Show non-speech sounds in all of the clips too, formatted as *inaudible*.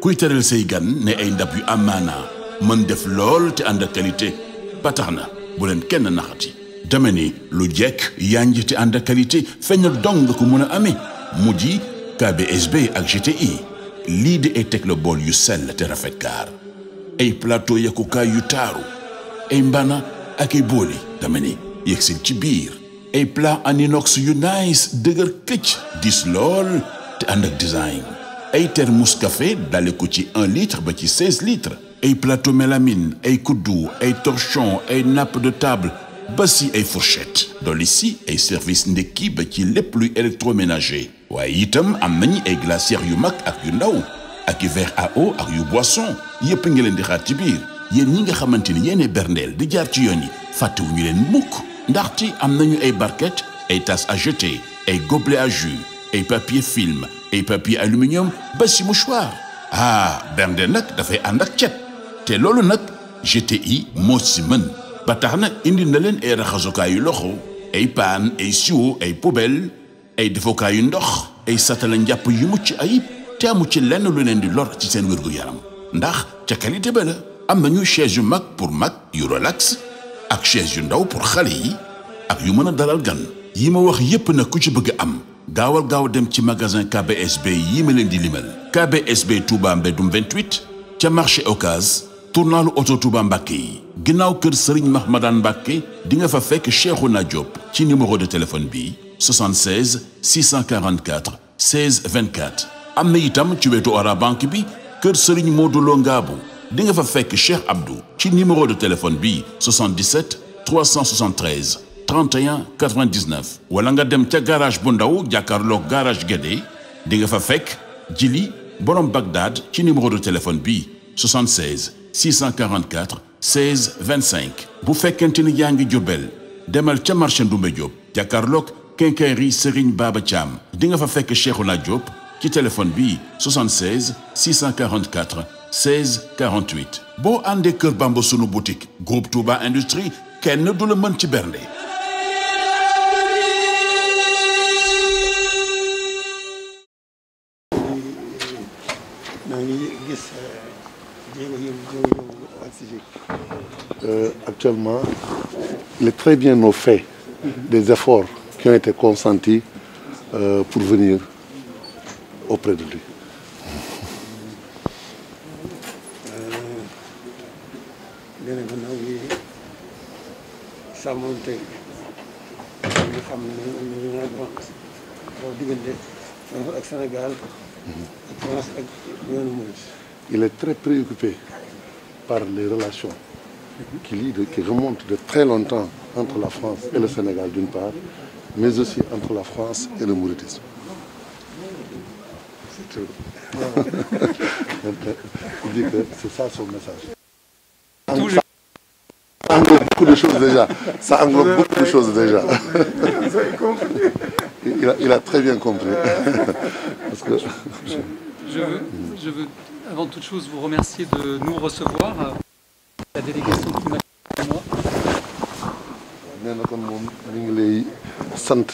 kuy teral say gan ne ay ndab yu amaana mën def lool te ànd ak qualité ba tax na bu leen kenn naxati dama ni lu jekk yanj te ànd ak qualité feeñ dong nga ko mën a amee mu ji KBSB ak GTI lii di ay teg la bool yu sell te rafet ay plateau yakkukaay yu taaru ay mbana ak ay booli dama ni yegg seen ci biir ay plat en inox yu naay dëgër këcc dis lool te ànd ak design ay thermos café dale ko ci un litre ba ci seize litres ay plateau mélamine ay kuddu ay torchon ay nappe de table ba si ay fourchette dolli si ay service ndekki ba ci lépp luy électroménager waaye itam am nañu ay glacières yu mag ak yu ndaw ak yu verre à eau ak yu boisson yépp ngi leen di xaar ci biir yéen ñi nga xamante ni yéene berndeel di jaar ci yoon yi fàttewu ngi leen mukk ndaxte am nañu ay barquettes ay tasses à ay gobelets ay papier film ay papier aluminium ba si mouchoir ah bernde nag dafay ànd ak cet te loolu nag i moo si mën ba tax na indi na leen ay raxasukaayu loxo ay paan ay siwo ay poubelle ay defukaayu ndox ay satala njàpp yu mucc ayib te ci lenn lu leen di lor ci seen wér-gu-yaram ndax ca qualité ba la am nañu chaise yu mag pour mag yu relax ak chaise yu ndaw pour xale yi ak yu mën a dalal gan yi ma wax yépp nag ku ci bëgg am gaawal gaaw dem ci magasin KBSB yii ma leen di limal KBSB Touba Mbédum 28 ca marché Ocass tournalu oto Touba Mbàkke yi ginnaaw kër Serigne Mahmadan Mbàkke di nga fa fekk Cheikhouna Diop ci numéro de téléphone bi 76 644 16 24 am na itam ci wetu Orabank bi kër Serigne Modou Lo Ngaabu di nga fa fekk Cheikh Abdou ci numéro de téléphone bi 77 373 31 99 wala nga dem ca garage bu ndaw jàkkaarloog garage Guédé di nga fa fekk Jili borom Bagdad ci numéro de téléphone bi 76 644 16 25 bu fekkente ni yaa ngi Jurbel demal ca marché Ndoumbé Diop jàkkaarloog quincaillerie Serigne Baba Thiam di nga fa fekk Cheikhouna Diop ci téléphone bi 76 boo àndee Kër Bamba sunu boutique groupe Touba Industrie kenn du la mën ci bernde gis euh, jéego yu jéego yu euh, actuellement il est très bien au fait des efforts qui ont été consentis euh, pour venir auprès de lui. dina euh, gannaaw bi sàmmonte nga xam ne ñu naan doon xaw diggante France ak Sénégal ak France ak yoonu Mouride il est très préoccupé par les relations qui, lient, qui remontent de très longtemps entre la France et le Sénégal d'une part, mais aussi entre la France et le Mauritisme. C'est *laughs* tout. que c'est ça son message. Tout ça englobe beaucoup de choses déjà. Ça englobe beaucoup de choses déjà. Il a, très bien compris. Euh, Parce que... avant toute chose vous remercier de nous recevoir, euh, la délégation climatique et moi. nee na kon moom ñu ngi lay sant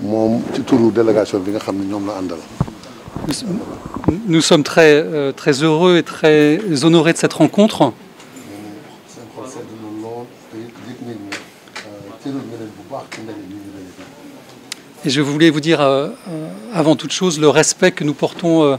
moom ci turu délégation bi nga xam ne ñoom la àndal. nous sommes très euh, très heureux et très honorés de cette rencontre. Euh, et je voulais vous dire avant toute chose le respect que nous portons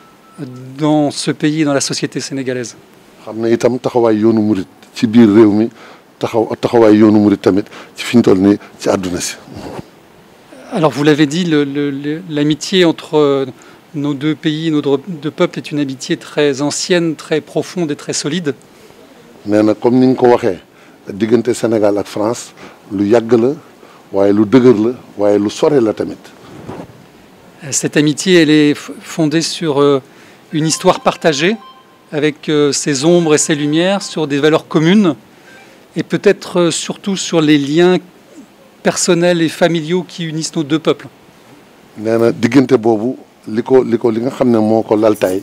dans ce pays dans la société sénégalaise. xam ne itam taxawaay yoonu murit ci biir réew mi taxaw taxawaay yoonu murit tamit ci fi ñu toll nii ci àdduna si. alors vous l'avez dit le le l'amitié entre euh, nos deux pays nos deux peuples est une amitié très ancienne très profonde et très solide. nee comme ni nga ko waxee diggante Sénégal ak France lu yàgg la waaye lu dëgër la waaye lu sore la tamit. cette amitié elle est fondée sur. Euh, une histoire partagée avec ses euh, ombres et ses lumières sur des valeurs communes et peut-être euh, surtout sur les liens personnels et familiaux qui unissent nos deux peuples. nee na diggante boobu li ko li ko li nga xam ne moo ko laltaay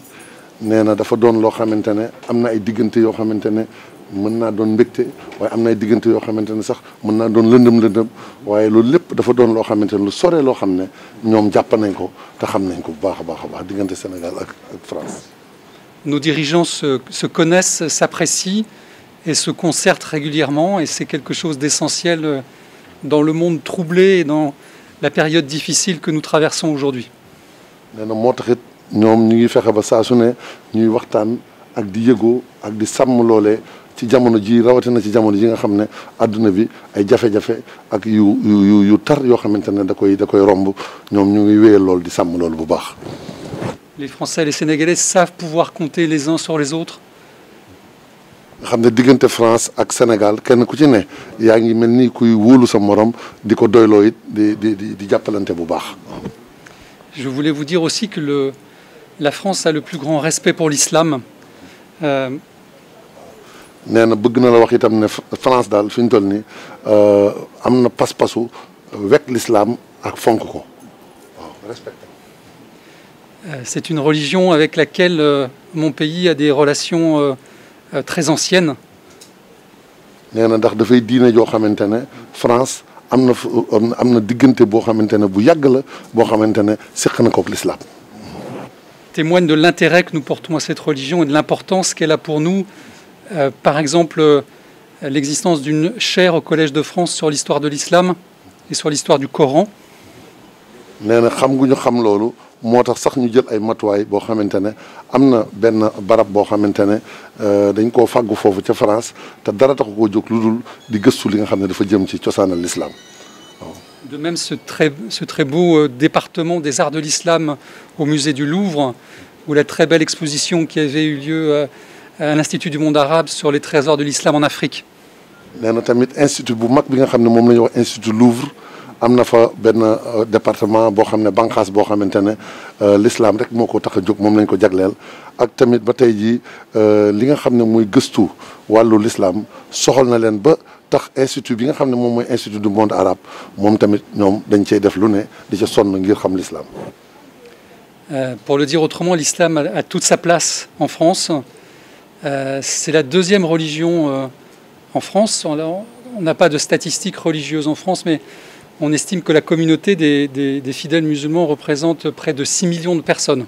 nee na dafa doon loo xamante ne am na ay diggante yoo xamante ne mën naa doon mbégte waaye am na diggante yoo xamante ne sax mën naa doon lëndëm lëndëm waaye loolu lépp dafa doon loo xamante ne lu soree loo xam ne ñoom jàpp nañ ko te xam nañ ko bu baax a baax a baax diggante Sénégal ak ak France. Nos dirigeants se se connaissent, s'apprécient et se concertent régulièrement et c'est quelque chose d'essentiel dans le monde troublé et dans la période difficile que nous traversons aujourd'hui. nee na moo tax it ñoom ñu ngi fexe ba saa ne ñuy waxtaan. ak di yëgoo ak di sàmm loolee ci jamono ji rawatina ci jamono ji nga xam ne adduna bi ay jafe-jafe ak yu yu yu tar yoo xamante ne da koy da koy romb ñoom ñu ngi wéyal lool di sàmm loolu bu baax. les Français les Sénégalais savent pouvoir compter les uns sur les autres. nga xam ne diggante France ak Sénégal kenn ku ci ne yaa ngi mel ni kuy wóolu sa morom di ko doyloo di di di bu baax. je voulais vous dire aussi que la France a le plus grand respect pour l'islam Euh, nee na bëgg na la wax itam ne France daal fi toll nii euh, am na pas-pasu wekk l'islam ak fonk ko waaw respecté. Euh, c'est une religion avec laquelle mon pays a des relations très anciennes. nee na ndax dafay diine joo xamante ne France am na am na diggante boo xamante ne bu yàgg la boo xamante ne seq na kook l'islam témoigne de l'intérêt que nous portons à cette religion et de l'importance qu'elle a pour nous. Euh, par exemple, euh, l'existence d'une chaire au Collège de France sur l'histoire de l'islam et sur l'histoire du Coran. nee xam gu ñu xam loolu moo tax sax ñu jël ay matuwaay boo xamante ne am na benn barab boo xamante ne euh, dañ ko fàggu foofu ca France te dara taxu koo jóg lu dul di gëstu li nga xam ne dafa jëm ci cosaanal l'islam De même, ce très, ce très beau euh, département des arts de l'islam au musée du Louvre, ou la très belle exposition qui avait eu lieu euh, à l'Institut du monde arabe sur les trésors de l'islam en Afrique. nee na tamit institut bu mag bi nga xam ne moom la ñuy wax institut Louvre am na fa benn euh, département boo xam ne banqaas boo xamante ne l'islam rek moo ko tax a jóg moom lañ ko jagleel ak tamit ba tey jii li nga xam ne muy gëstu wàllu l'islam soxal na leen tax institut bi nga xam ne moom mooy institut du monde arabe moom tamit ñoom dañ cee def lu ne di sonn ngir xam l'islam Euh, pour le dire autrement, l'islam a, a, toute sa place en France. Euh, c'est la deuxième religion euh, en France. On n'a pas de statistiques religieuses en France, mais on estime que la communauté des, des, des fidèles musulmans représente près de 6 millions de personnes.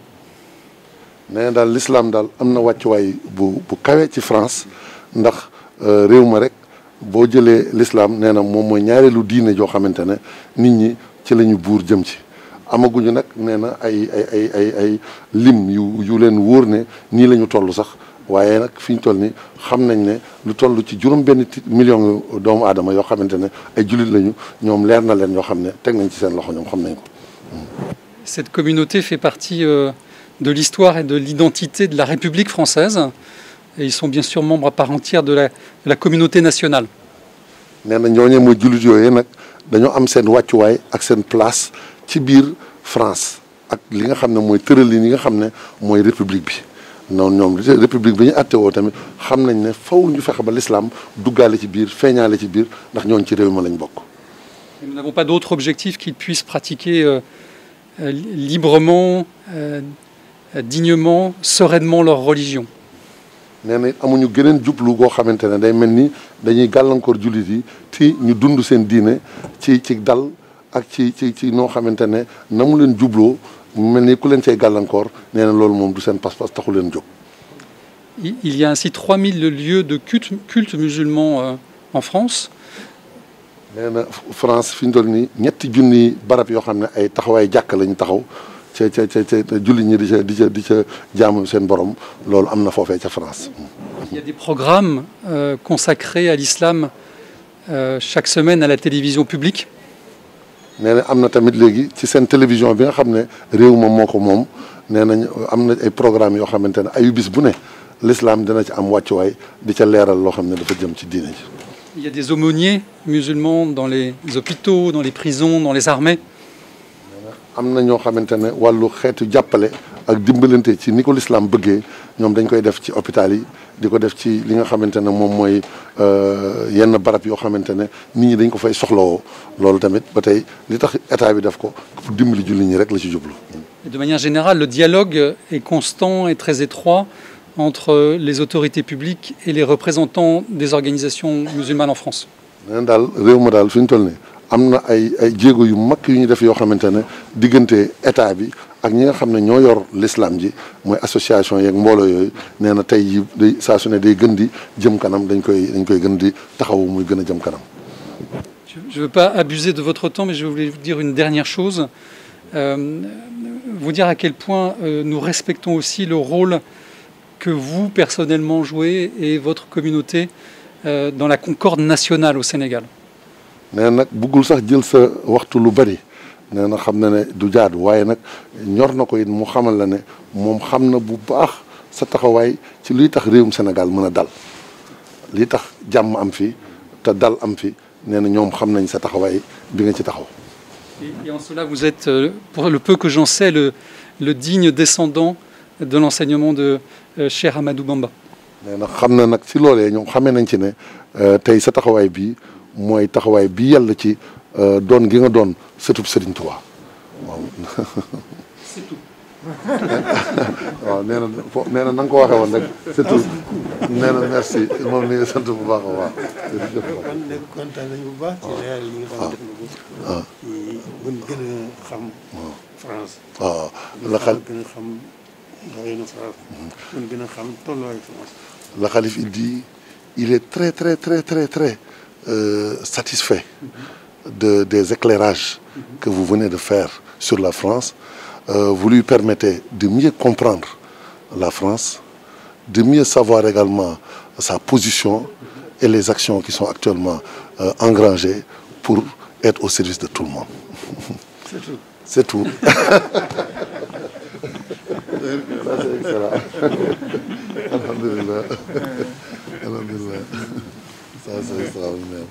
l'islam a une place ci France. ndax euh, rek boo jëlee l'islam nee na moom mooy ñaareelu diine joo xamante ne nit ñi ci lañu buur jëm ci amaguñu nag nee na ay ay ay ay ay lim yu yu leen wóor ne nii la ñu toll sax waaye nag fi ñu toll ni xam nañ ne lu toll ci juróom benn tit million doomu adama yoo xamante ne ay jullit lañu ñoom leer na leen yoo xam ne teg nañ ci seen loxo ñoom xam nañ ko. Cette communauté fait partie euh, de l'histoire et de l'identité de la République française. et ils sont bien sûr membres à part entière de la de la communauté nationale. nee na mooy jullit yooyu nag dañoo am seen wàccuwaay ak seen place ci biir France ak li nga xam ne mooy tëralin li nga xam ne mooy république bi noonu ñoom république bi ñu àtte woo tamit xam nañ ne fow ñu fexe ba l'islam duggaale ci biir feeñaale ci biir ndax ñooñ ci réew ma lañ bokk. nous n'avons pas d'autre objectif qu'ils puissent pratiquer euh, euh librement euh, dignement, sereinement nee na amuñu geneen jublu goo xamante ne day mel ni dañuy gàllankoor jullit yi ci ñu dund seen diine ci ci dal ak ci ci ci noo xamante ne na mu leen jubloo mu mel ni ku leen cay gàllankoor nee na loolu moom du seen passe passe taxu leen jóg. Il y a ainsi 3000 lieux de culte culte musulman euh, en France. nee na fi ñu toll nii ñetti junni barab yoo xam ne ay taxawaay jàkk lañu taxaw. ca ca ca ca ñi di ca di ca ca jaamu seen borom loolu am na foofee ca France. Il y a des programmes euh, consacrés à l'islam euh, chaque semaine à la télévision publique. nee am na tamit léegi ci seen télévision bi nga xam ne réew moom moo ko moom nee nañ am na ay programmes yoo xamante ne ayu bis bu ne l'islam dina ci am waay di ca leeral loo xam ne dafa jëm ci diine ji. Il y a des aumôniers musulmans dans les hôpitaux, dans les prisons, dans les armées. am na ñoo xamante ne wàllu xeetu jàppale ak dimbalante ci ni ko lislaam bëggee ñoom dañ koy def ci hôpital yi di ko def ci li nga xamante ne moom mooy euh, yenn barab yoo xamante ne nit ñi dañ ko fay soxlawoo loolu tamit ba tey li tax état bi def ko pour dimbali julli ñi rek la ci jublu. De manière générale, le dialogue est constant et très étroit entre les autorités publiques et les représentants des organisations musulmanes en France. neen daal réew ma daal fi ñu toll nii am na ay ay jéego yu mag yu ñu def yoo xamante ne diggante état bi ak ñi nga xam ne ñoo yor l'islam ji mooy association yeeg mbooloo yooyu nee na tey yi day saa su ne gën di jëm kanam dañ koy dañ koy gën di taxawu muy gën a jëm kanam. je ne veux pas abuser de votre temps mais je voulais vous dire une dernière chose euh, vous dire à quel point euh, nous respectons aussi le rôle que vous personnellement jouez et votre communauté euh, dans la concorde nationale au Sénégal. nee nag buggul sax jël sa waxtu lu bari nee na xam na ne du jaadu waaye nag ñor na ko it mu xamal la ne moom xam na bu baax sa taxawaay ci luy tax réewum senegal mën a dal li tax jàmm am fi te dal am fi nee na ñoom xam nañ sa taxawaay bi nga ci taxaw. Et en cela vous êtes euh, pour le peu que j'en sais le le digne descendant de l'enseignement de euh, Cheikh Ahmadou Bamba. nee xam na nag ci loolee ñoom xamee nañ ci ne euh, tey sa taxawaay bii. mooy taxawaay bi yàlla ci euh, doon gi nga doon sëtub Sëriñ Tuubaa waaw. surtout. *laughs* waaw nee na fo na na nga ko waxee woon rek surtout nee na merci moom ni ngi sant bu baax a baax. bu baax. ci leer yi a xam. France. waaw la xal gën a xam doyenu France. mën gën a xam tolluwaayu France. la xalif il dit il est très très très très euh, satisfait des éclairages que vous venez de faire sur la France. Euh, vous lui permettez de mieux comprendre la France, de mieux savoir également sa position et les actions qui sont actuellement euh, engrangées pour être au service de tout le monde. C'est tout. C'est tout. C'est *laughs* excellent. Euh. ça c'est extraordinaire.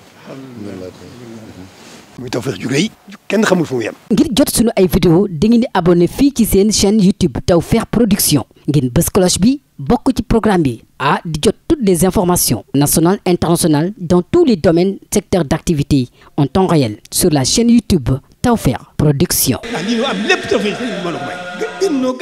muy Tawfekh ju rëy kenn xamul fu mu yem. ngir jot sunu ay vidéo dangeen di abonné fii ci seen chaîne YouTube Tawfekh Production ngeen bës cloche bi bokk ci programme bi ah di jot toutes des informations nationales internationales dans tous les domaines secteurs d'activité en temps réel sur la chaîne YouTube Tawfekh Production. ah lii loo